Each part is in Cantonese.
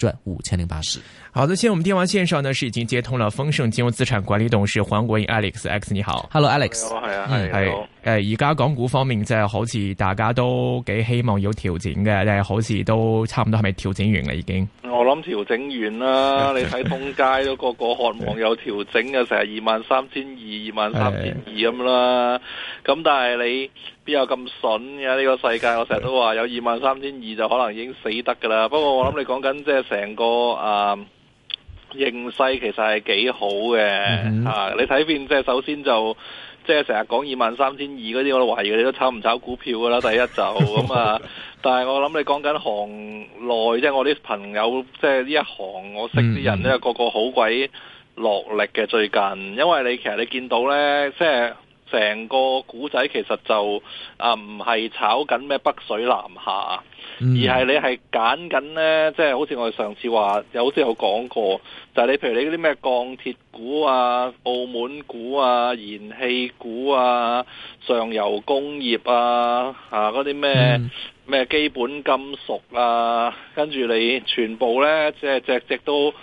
賺五千零八十。好的，現在我們電話線上呢是已經接通了豐盛金融資產管理董事黃國英 Alex X，你好，Hello Alex。係啊，係。誒，而家港股方面即係好似大家都幾希望要調整嘅，即係好似都差唔多係咪調整完啦？已經我諗調整完啦。 你睇通街都個個渴望有調整嘅，成日二萬三千二、二萬三千二咁啦。咁但係你邊有咁筍嘅呢個世界？我成日都話有二萬三千二就可能已經死得噶啦。 不過我諗你講緊即係成個誒形勢其實係幾好嘅吓、嗯哼啊，你睇邊即係首先就。即係成日講二萬三千二嗰啲，我都懷疑你都炒唔炒股票㗎啦。第一就咁啊，但係我諗你講緊行內，即係我啲朋友，即係呢一行我識啲人咧，嗯、個個好鬼落力嘅最近，因為你其實你見到咧，即係。成個古仔其實就啊，唔係炒緊咩北水南下，而係你係揀緊呢。即係好似我哋上次話，好似有講過，就係你譬如你嗰啲咩鋼鐵股啊、澳門股啊、燃氣股啊、上游工業啊、啊嗰啲咩咩基本金屬啊，跟住你全部呢，即係隻隻都，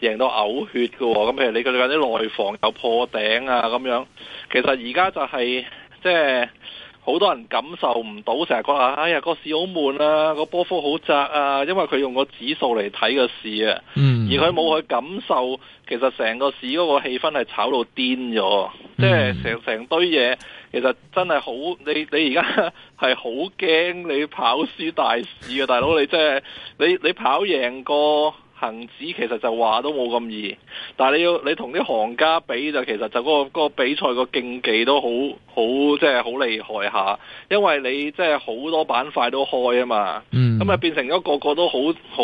贏到嘔血噶、哦，咁譬如你佢啲內房有破頂啊，咁樣，其實而家就係、係、即係好多人感受唔到，成日覺得，哎呀、個市好悶啊，個波幅好窄啊，因為佢用個指數嚟睇個市啊，嗯、而佢冇去感受，其實成個市嗰個氣氛係炒到癲咗，嗯、即係成成堆嘢，其實真係好，你你而家係好驚你跑輸大市啊，大佬你即、就、係、係、你你跑贏過。恒指其實就話都冇咁易，但係你要你同啲行家比就其實就嗰個嗰個比賽個競技都好好即係好厲害下，因為你即係好多板塊都開啊嘛，咁啊、嗯、變成咗個個都好好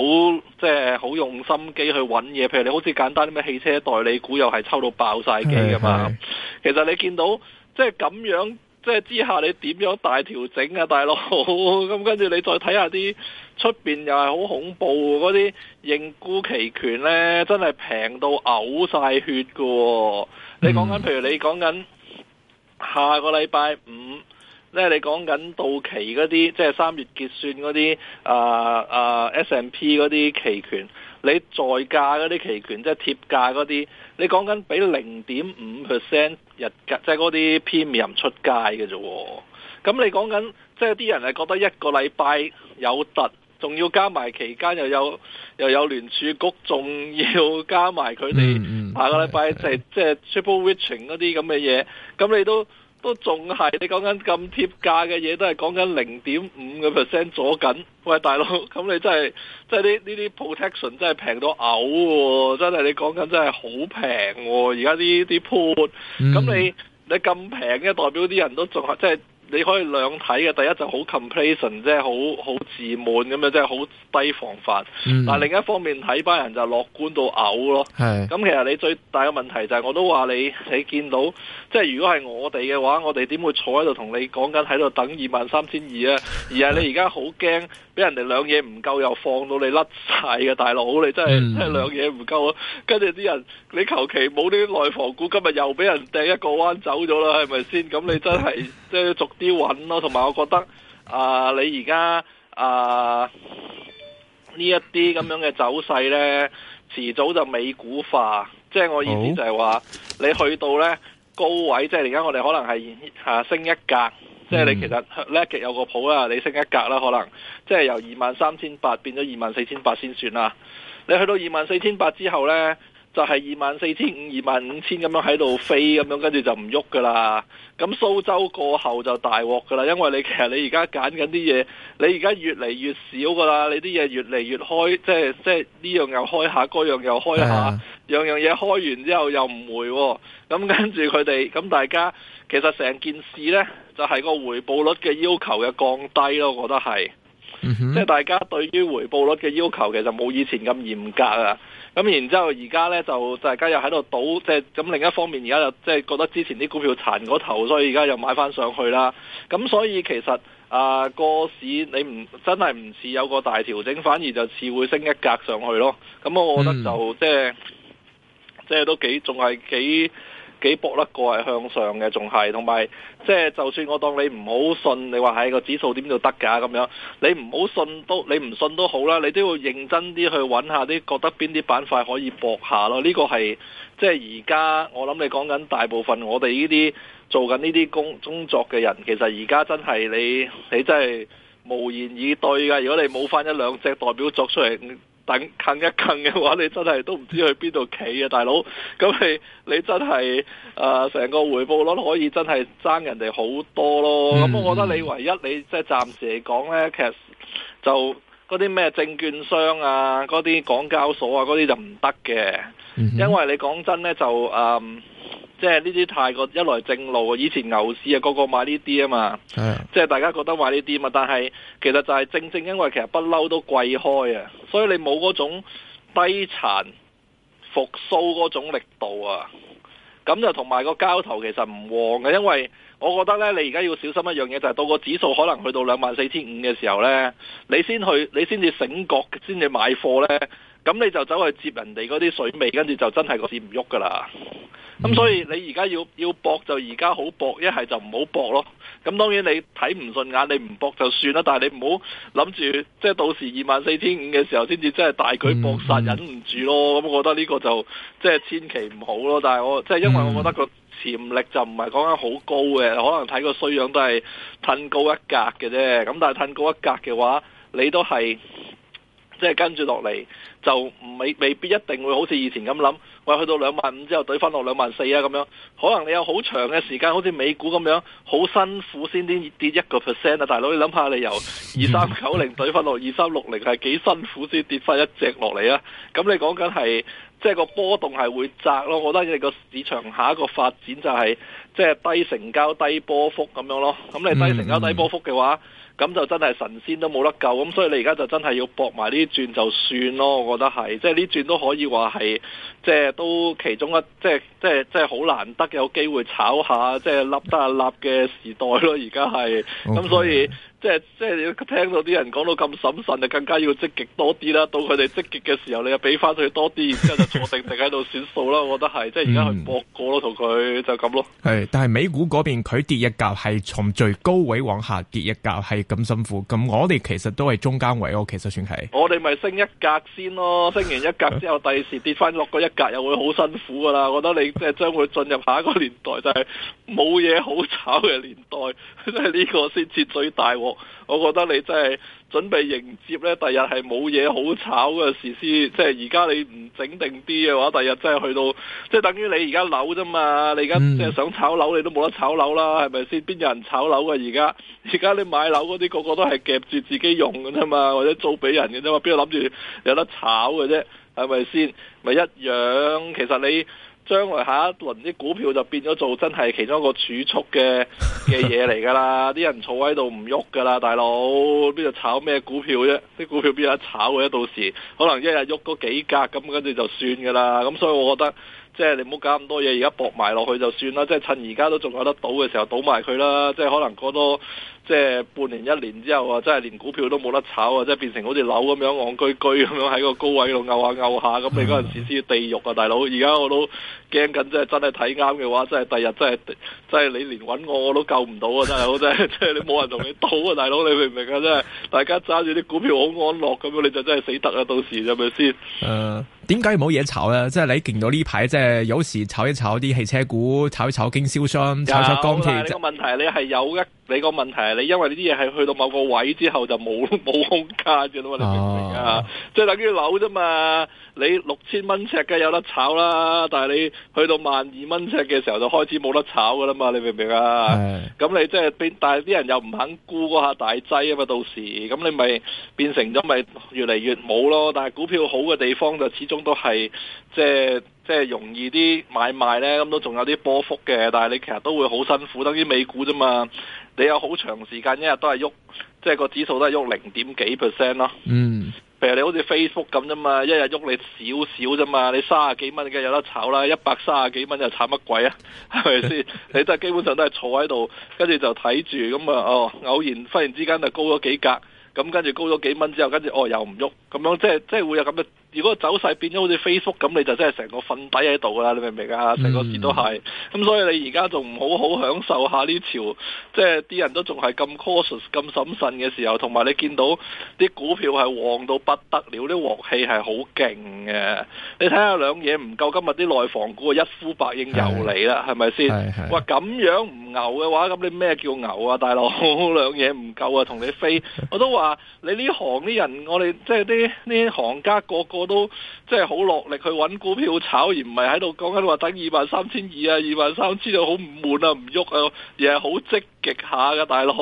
即係好用心機去揾嘢，譬如你好似簡單啲咩汽車代理股又係抽到爆晒機㗎嘛，是是其實你見到即係咁樣。即係之下你點樣大調整啊，大佬？咁 跟住你再睇下啲出邊又係好恐怖嗰啲認沽期權呢，真係平到嘔晒血嘅、哦。嗯、你講緊譬如你講緊下個禮拜五咧，你講緊到期嗰啲即係三月結算嗰啲啊啊 S&P 嗰啲期權，你在價嗰啲期權即係貼價嗰啲，你講緊俾零點五 percent。日即係嗰啲 PM 出街嘅啫喎，咁你講緊即係啲人係覺得一個禮拜有突，仲要加埋期間又有又有聯儲局，仲要加埋佢哋下個禮拜即係即係 Triple Witching 嗰啲咁嘅嘢，咁、嗯、你都。都仲係你講緊咁貼價嘅嘢，都係講緊零點五個 percent 咗緊。喂，大佬，咁你真係，真係呢呢啲 protection 真係平到嘔喎、啊！真係你講緊真係好平喎，而家啲啲 put，咁你你咁平嘅代表啲人都仲係即係。真你可以兩睇嘅，第一就好 complacent，即係好好自滿咁樣，即係好低防範。嗱、嗯，但另一方面睇班人就樂觀到嘔咯。係的，咁其實你最大嘅問題就係、是，我都話你，你見到即係如果係我哋嘅話，我哋點會坐喺度同你講緊喺度等二萬三千二啊？而係你而家好驚，俾 人哋兩嘢唔夠又放到你甩晒嘅大佬，你真係、嗯、真係兩嘢唔夠咯。跟住啲人，你求其冇啲內房股，今日又俾人掟一個彎走咗啦，係咪先？咁你真係即係逐。 啲揾咯，同埋我覺得啊、呃，你而家啊呢一啲咁樣嘅走勢呢，遲早就美股化。即係我意思就係話，好你去到咧高位，即係而家我哋可能係升一格，嗯、即係你其實叻極有個譜啦，你升一格啦，可能即係由二萬三千八變咗二萬四千八先算啦。你去到二萬四千八之後呢。就係二萬四千五、二萬五千咁樣喺度飛咁樣，跟住就唔喐噶啦。咁蘇州過後就大鑊噶啦，因為你其實你而家揀緊啲嘢，你而家越嚟越少噶啦，你啲嘢越嚟越開，即係即係呢樣又開下，嗰樣又開下，哎、呀樣樣嘢開完之後又唔回、哦。咁跟住佢哋，咁大家其實成件事呢，就係、是、個回報率嘅要求嘅降低咯，我覺得係。嗯、哼即係大家對於回報率嘅要求其實冇以前咁嚴格啊。咁然之後，而家呢，就大家又喺度倒，即係咁另一方面就，而家又即係覺得之前啲股票殘過頭，所以而家又買翻上去啦。咁所以其實啊，個、呃、市你唔真係唔似有個大調整，反而就似會升一格上去咯。咁我覺得就、嗯、即係即係都幾，仲係幾。幾搏得過係向上嘅，仲係同埋即係，就是、就算我當你唔好信，你話喺、哎嗰個指數點就得㗎咁樣，你唔好信都你唔信都好啦，你都要認真啲去揾下啲覺得邊啲板塊可以搏下咯。呢、這個係即係而家我諗你講緊大部分我哋呢啲做緊呢啲工工作嘅人，其實而家真係你你真係無言以對㗎。如果你冇翻一兩隻代表作出嚟。等近一近嘅話，你真係都唔知去邊度企啊，大佬！咁你你真係誒，成、呃、個回報率可以真係爭人哋好多咯。咁、嗯嗯、我覺得你唯一你即係暫時嚟講呢，其實就嗰啲咩證券商啊，嗰啲港交所啊，嗰啲就唔得嘅，嗯嗯、因為你講真呢，就誒。嗯即係呢啲太過一來正路啊！以前牛市啊，個個個買呢啲啊嘛，的即係大家覺得買呢啲嘛。但係其實就係正正因為其實不嬲都貴開啊，所以你冇嗰種低殘復甦嗰種力度啊。咁就同埋個交投其實唔旺嘅，因為我覺得呢，你而家要小心一樣嘢，就係到個指數可能去到兩萬四千五嘅時候呢，你先去，你先至醒覺，先至買貨呢。咁你就走去接人哋嗰啲水尾，跟住就真係個市唔喐㗎啦。咁、嗯、所以你而家要要搏就而家好搏，一係就唔好搏咯。咁當然你睇唔順眼，你唔搏就算啦。但係你唔好諗住，即係到時二萬四千五嘅時候先至真係大舉搏殺，嗯嗯、忍唔住咯。咁我覺得呢個就即係千祈唔好咯。但係我即係因為我覺得個潛力就唔係講緊好高嘅，嗯、可能睇個衰樣都係騰高一格嘅啫。咁但係騰高一格嘅話，你都係。即係跟住落嚟就未未必一定會好似以前咁諗，喂去到兩萬五之後懟翻落兩萬四啊咁樣，可能你有好長嘅時間，好似美股咁樣，好辛苦先至跌一個 percent 啊！大佬，你諗下你由二三九零懟翻落二三六零係幾辛苦先跌翻一隻落嚟啊？咁你講緊係即係個波動係會窄咯？我覺得你個市場下一個發展就係即係低成交、低波幅咁樣咯。咁你低成交、低波幅嘅話。嗯嗯咁就真係神仙都冇得救，咁所以你而家就真係要搏埋呢啲轉就算咯，我覺得係，即係呢轉都可以話係，即係都其中一，即係即係即係好難得有機會炒下，即係笠得啊笠嘅時代咯，而家係咁所以。Okay. 即係即係你聽到啲人講到咁審慎，就更加要積極多啲啦。到佢哋積極嘅時候，你又俾翻佢多啲，然之後就坐定定喺度選數啦。我覺得係，即係而家去搏過、嗯、咯，同佢就咁咯。係，但係美股嗰邊佢跌一格係從最高位往下跌一格係咁辛苦，咁我哋其實都係中間位咯，其實算係。我哋咪升一格先咯，升完一格之後，第時跌翻落個一格又會好辛苦噶啦。我覺得你即係將會進入下一個年代，就係冇嘢好炒嘅年代，即係呢個先至最大。我覺得你真係準備迎接呢。第日係冇嘢好炒嘅事先。即係而家你唔整定啲嘅話，第日真係去到即係等於你而家樓啫嘛。你而家即係想炒樓，你都冇得炒樓啦，係咪先？邊有人炒樓啊？而家？而家你買樓嗰啲個個都係夾住自己用噶啫嘛，或者租俾人嘅啫嘛，邊度諗住有得炒嘅啫？係咪先？咪一樣。其實你。將來下一輪啲股票就變咗做真係其中一個儲蓄嘅嘅嘢嚟噶啦，啲人坐喺度唔喐噶啦，大佬，邊度炒咩股票啫？啲股票邊有得炒嘅？到時可能一日喐嗰幾格咁，跟住就算噶啦。咁所以我覺得即係你唔好搞咁多嘢，而家搏埋落去就算啦。即係趁而家都仲有得賭嘅時候，賭埋佢啦。即係可能過多。即係半年一年之後啊，真係連股票都冇得炒啊，即係變成好似樓咁樣戇居居咁樣喺個高位度拗下拗下，咁你嗰陣時先要地獄啊，大佬！而家我都驚緊，即係真係睇啱嘅話，真係第日真係真係你連搵我我都救唔到啊！真係，真係，真係你冇人同你賭啊，大佬！你明唔明啊？真係，大家揸住啲股票好安樂咁樣，你就真係死得啊！到時係咪先？誒，點解唔好嘢炒啊？即係你見到呢排，即係有時炒一炒啲汽車股，炒一炒經銷商，炒一炒鋼鐵。有啊，呢個問題你係有一。你個問題係你，因為呢啲嘢係去到某個位之後就冇冇空間嘅啦，你明唔明啊？即係、oh. 等於樓啫嘛。你六千蚊尺嘅有得炒啦，但係你去到萬二蚊尺嘅時候就開始冇得炒噶啦嘛，你明唔明啊？咁是的 你即係變，但係啲人又唔肯沽下大劑啊嘛，到時咁你咪變成咗咪越嚟越冇咯。但係股票好嘅地方就始終都係即係即係容易啲買賣咧，咁都仲有啲波幅嘅。但係你其實都會好辛苦，等於美股啫嘛。你有好長時間一日都係喐，即係個指數都係喐零點幾 percent 咯。嗯。譬如你好似 Facebook 咁啫嘛，一日喐你少少啫嘛，你卅幾蚊梗有得炒啦，一百卅幾蚊又炒乜鬼啊？係咪先？ 你真係基本上都係坐喺度，跟住就睇住咁啊哦，偶然忽然之間就高咗幾格，咁跟住高咗幾蚊之後，跟住哦又唔喐，咁樣即係即係會有咁嘅。如果走勢變咗好似 Facebook 咁，你就真係成個瞓底喺度噶啦，你明唔明啊？成個市都係，咁、嗯嗯、所以你而家仲唔好好享受下呢潮？即係啲人都仲係咁 cautious，咁審慎嘅時候，同埋你見到啲股票係旺到不得了，啲鑊氣係好勁嘅。你睇下兩嘢唔夠，今日啲內房股一呼百應又嚟啦，係咪先？話咁樣唔牛嘅話，咁你咩叫牛啊，大佬？兩嘢唔夠啊，同你飛。我都話你呢行啲人，我哋即係啲啲行家個個,個。我都即係好落力去揾股票炒，而唔係喺度講緊話等二萬三千二啊、二萬三千，就好唔滿啊、唔喐啊，而係好積極下㗎大佬，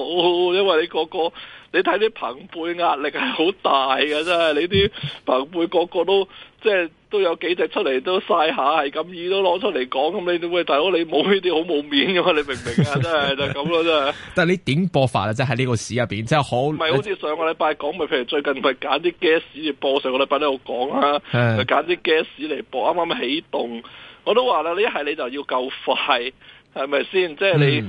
因為你個個你睇啲朋輩壓力係好大㗎，真係你啲朋輩個個都。即係都有幾隻出嚟都晒下，係咁意都攞出嚟講，咁你喂大佬你冇呢啲好冇面㗎嘛？你明唔明啊？真係就咁咯，真係。但係你點播法啊？即係喺呢個市入邊，即係唔係好似上個禮拜講咪？譬如最近咪揀啲 gas 嚟播，上個禮拜都度講啊，就揀啲 gas 嚟播，啱啱起動。我都話啦，呢一係你就要夠快，係咪先？即係你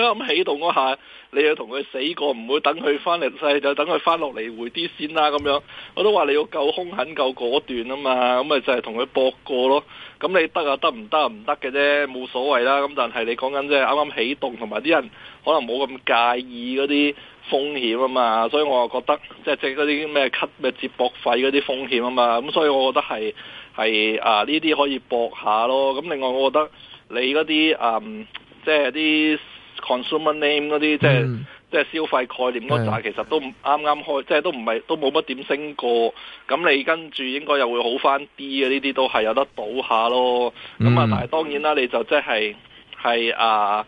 啱啱、嗯、起動嗰下。你要同佢死過，唔會等佢翻嚟曬，就等佢翻落嚟回啲先啦咁樣。我都話你要夠兇狠、夠果斷啊嘛，咁、嗯、咪就係同佢博過咯。咁、嗯、你得啊，得唔得啊？唔得嘅啫，冇所謂啦。咁但係你講緊即係，啱啱起動，同埋啲人可能冇咁介意嗰啲風險啊嘛。所以我又覺得即係整嗰啲咩吸咩接博費嗰啲風險啊嘛。咁所以我覺得係係啊呢啲可以博下咯。咁另外我覺得你嗰啲嗯即係啲。consumer name 嗰啲、嗯、即係即係消費概念嗰扎，嗯、其實都唔啱啱開，即係都唔係都冇乜點升過。咁你跟住應該又會好翻啲啊，呢啲都係有得賭下咯。咁啊、嗯，但係當然啦，你就即係係啊。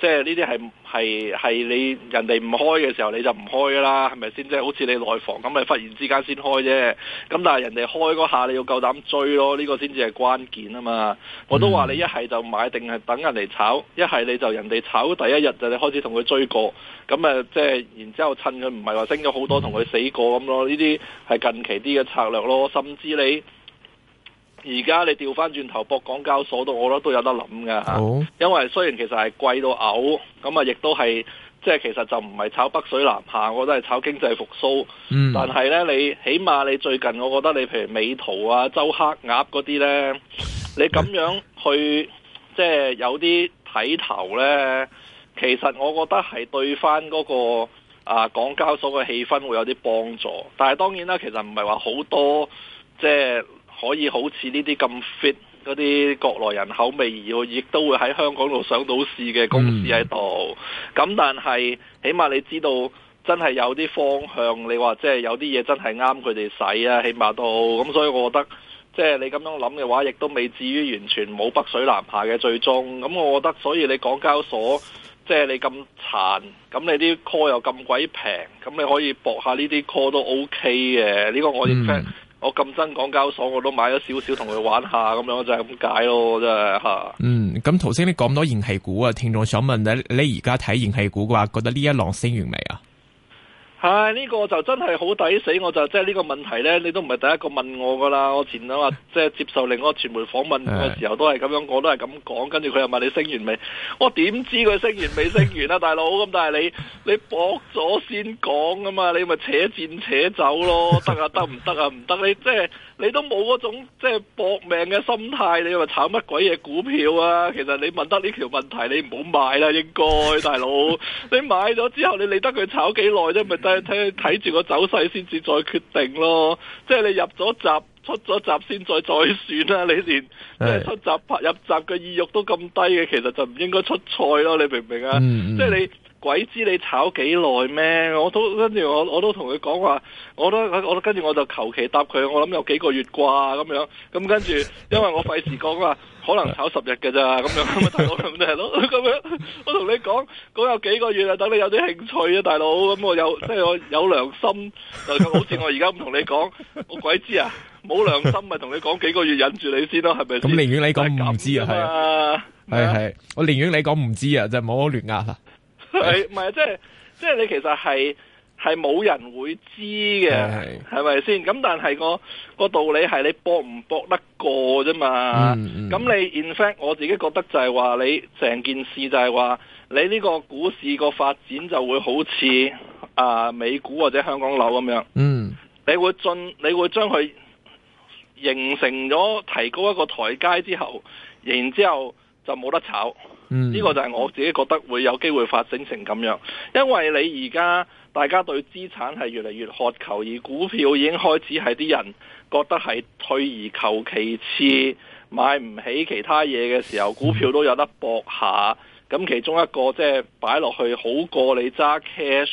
即係呢啲係係係你人哋唔開嘅時候你就唔開啦，係咪先？即係好似你內房咁，咪忽然之間先開啫。咁但係人哋開嗰下，你要夠膽追咯，呢、呢個先至係關鍵啊嘛。我都話你一係、嗯、就買，定係等人嚟炒；一係你就人哋炒第一日就你開始同佢追過。咁誒，即係然之後趁佢唔係話升咗好多，同佢死過咁咯。呢啲係近期啲嘅策略咯，甚至你。而家你調翻轉頭博港交所，都我覺得都有得諗噶、oh. 因為雖然其實係貴到嘔，咁啊亦都係即係其實就唔係炒北水南下，我覺得係炒經濟復甦。Mm. 但係呢，你起碼你最近，我覺得你譬如美圖啊、周黑鴨嗰啲呢，你咁樣去 即係有啲睇頭呢，其實我覺得係對翻嗰個啊港交所嘅氣氛會有啲幫助。但係當然啦，其實唔係話好多即係。可以好似呢啲咁 fit 嗰啲國內人口味而要，亦都會喺香港度上，上到市嘅公司喺度。咁、嗯、但係起碼你知道真係有啲方向，你話即係有啲嘢真係啱佢哋使啊。起碼都咁，所以我覺得即係、就是、你咁樣諗嘅話亦都未至於完全冇北水南下嘅最終，咁我覺得，所以你港交所即係、就是、你咁殘，咁你啲 call 又咁鬼平，咁你可以搏下呢啲 call 都 OK 嘅。呢、這個我認我咁憎港交所，我都買咗少少，同佢玩下咁樣，就係咁解咯，真係吓。嗯，咁頭先你講到燃氣股啊，聽眾想問你，你而家睇燃氣股嘅話，覺得呢一浪升完未啊？係呢、哎，這個就真係好抵死，我就即係呢個問題呢，你都唔係第一個問我噶啦。我前兩日即係接受另外一個傳媒訪問嘅時候都係咁樣，我都係咁講。跟住佢又問你升完未，我點知佢升完未升完啊，大佬咁？但係你你搏咗先講啊嘛，你咪扯戰，扯走咯，得啊得唔得啊？唔得、啊啊、你即係。你都冇嗰種即係搏命嘅心態，你話炒乜鬼嘢股票啊？其實你問得呢條問題，你唔好買啦，應該，大佬。 你買咗之後，你理得佢炒幾耐啫？咪睇睇睇住個走勢先至再決定咯。即係你入咗閘，出咗閘先再再算啦、啊。你連即係出閘拍入閘嘅意欲都咁低嘅，其實就唔應該出賽咯。你明唔明啊？嗯嗯、即係你。鬼知你炒幾耐咩？我都跟住我我都同佢講話，我都我都跟住我就求其答佢，我諗有幾個月啩咁樣。咁跟住，因為我費事講話，可能炒十日㗎咋咁樣咁大佬咁樣。我同你講講有幾個月啦，等你有啲興趣啊，大佬。咁我有即係我有良心， 就好似我而家咁同你講，我鬼知啊，冇良心咪同、就是、你講幾個月忍住你先咯，係咪先？咁寧願你講唔知啊，係係嘛的，我寧願你講唔知啊，就唔好亂壓啦。係，唔係即係，即係你其實係係冇人會知嘅，係咪先？咁但係，嗰個個道理係你搏唔搏得過啫嘛？咁，嗯嗯、你 in fact，我自己覺得就係話你成件事就係話你呢個股市個發展就會好似啊美股或者香港樓咁樣。嗯，你會進，你會將佢形成咗提高一個台階之後，然之後就冇得炒。嗯，呢個就係我自己覺得會有機會發展成咁樣，因為你而家大家對資產係越嚟越渴求，而股票已經開始係啲人覺得係退而求其次，買唔起其他嘢嘅時候，股票都有得搏下，咁其中一個即係擺落去好過你揸 cash。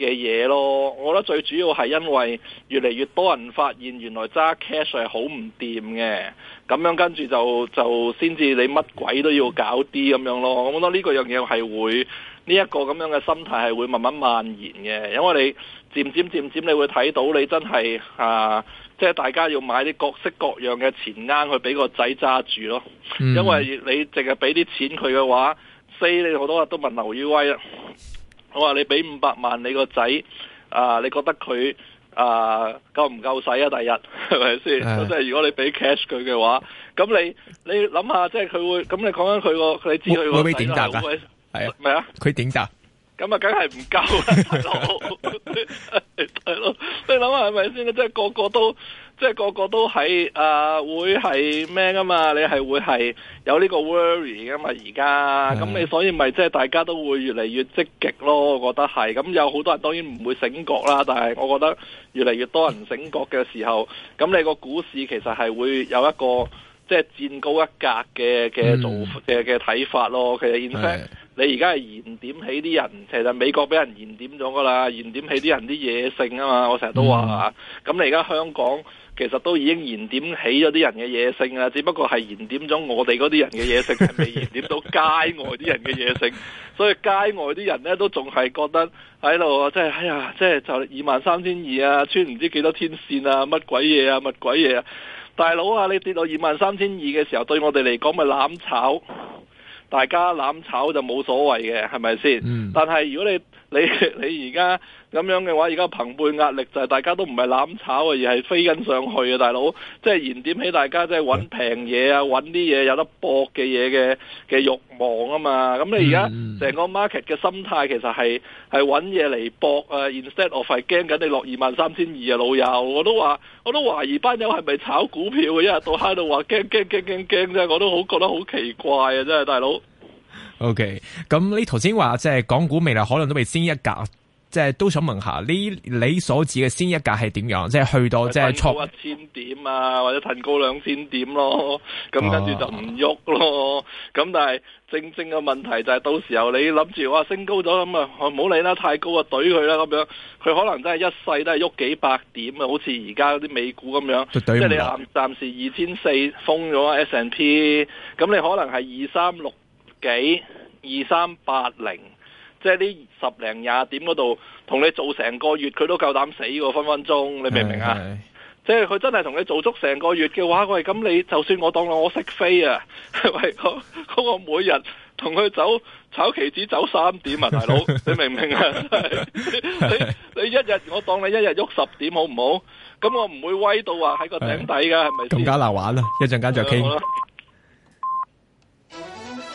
嘅嘢咯，我覺得最主要係因為越嚟越多人發現原來揸 cash 係好唔掂嘅，咁樣跟住就就先至你乜鬼都要搞啲咁樣咯，我覺得呢個樣嘢係會呢一個咁樣嘅心態係會慢慢蔓延嘅，因為你漸漸漸漸你會睇到你真係啊，即係大家要買啲各式各樣嘅錢罌去俾個仔揸住咯，因為你淨係俾啲錢佢嘅話所以你好多日都問劉於威啊！我話你俾五百萬，你個仔啊，你覺得佢啊、呃、夠唔夠使啊？第日係咪先？即係 如果你俾 cash 佢嘅話，咁你你諗下，即係佢會咁？你講緊佢個佢知佢個仔會唔會點答噶？係啊？咩啊麼？佢點答？咁啊，梗係唔夠啦，大佬係咯，你諗下係咪先？即係個個都，即係個個都係啊、呃，會係咩噶嘛？你、呃、係會係、呃呃呃呃呃呃呃、有呢個 worry 噶嘛？而家咁你所以咪即係大家都會越嚟越積極咯。我覺得係咁有好多人當然唔會醒覺啦，但係我覺得越嚟越多人醒覺嘅時候，咁你個股市其實係會有一個即係站高一格嘅嘅做嘅嘅睇法咯。其實你而家係燃點起啲人，其實美國俾人燃點咗噶啦，燃點起啲人啲野性啊嘛，我成日都話啊。咁、嗯、你而家香港其實都已經燃點起咗啲人嘅野性啦，只不過係燃點咗我哋嗰啲人嘅野性，係未 燃點到街外啲人嘅野性。 所以街外啲人呢都仲係覺得喺度，即係哎呀，即係就二萬三千二啊，穿唔知幾多天線啊，乜鬼嘢啊，乜鬼嘢啊！大佬啊，你跌到二萬三千二嘅時候，對我哋嚟講咪攬炒。大家攬炒就冇所謂嘅，係咪先？嗯、但係如果你你你而家，咁樣嘅話，而家朋輩壓力就係大家都唔係攬炒啊，而係飛緊上去啊，大佬！即係燃點起大家即係揾平嘢啊，揾啲嘢有得搏嘅嘢嘅嘅欲望啊嘛！咁你而家成個 market 嘅心態其實係係揾嘢嚟搏啊，instead of 係驚緊你落二萬三千二啊，老友！我都話，我都懷疑班友係咪炒股票啊？一日到黑喺度話驚驚驚驚驚即係，我都好覺得好奇怪啊！真係，大佬。OK，咁你頭先話即係港股未來可能都未升一格。即係都想問下，呢你所指嘅先一格係點樣？即係去到即係抽一千點啊，或者騰高兩千點咯，咁跟住就唔喐咯。咁但係正正嘅問題就係到時候你諗住哇升高咗咁啊，唔好理啦，太高啊，懟佢啦咁樣。佢可能真係一世都係喐幾百點啊，好似而家啲美股咁樣。即係你暫暫時二千四封咗 S&P，咁你可能係二三六幾、二三八零。即係呢十零廿點嗰度，同你做成個月，佢都夠膽死喎，分分鐘，你明唔明啊？ 即係佢真係同你做足成個月嘅話，喂，咁你就算我當我識飛啊，係咪？嗰個每日同佢走炒棋子走三點啊，大佬， 你明唔明啊？你一日我當你一日喐十點好唔好？咁我唔會威到話喺個頂底噶，係咪先？咁加難玩啦，啊，一陣間就傾。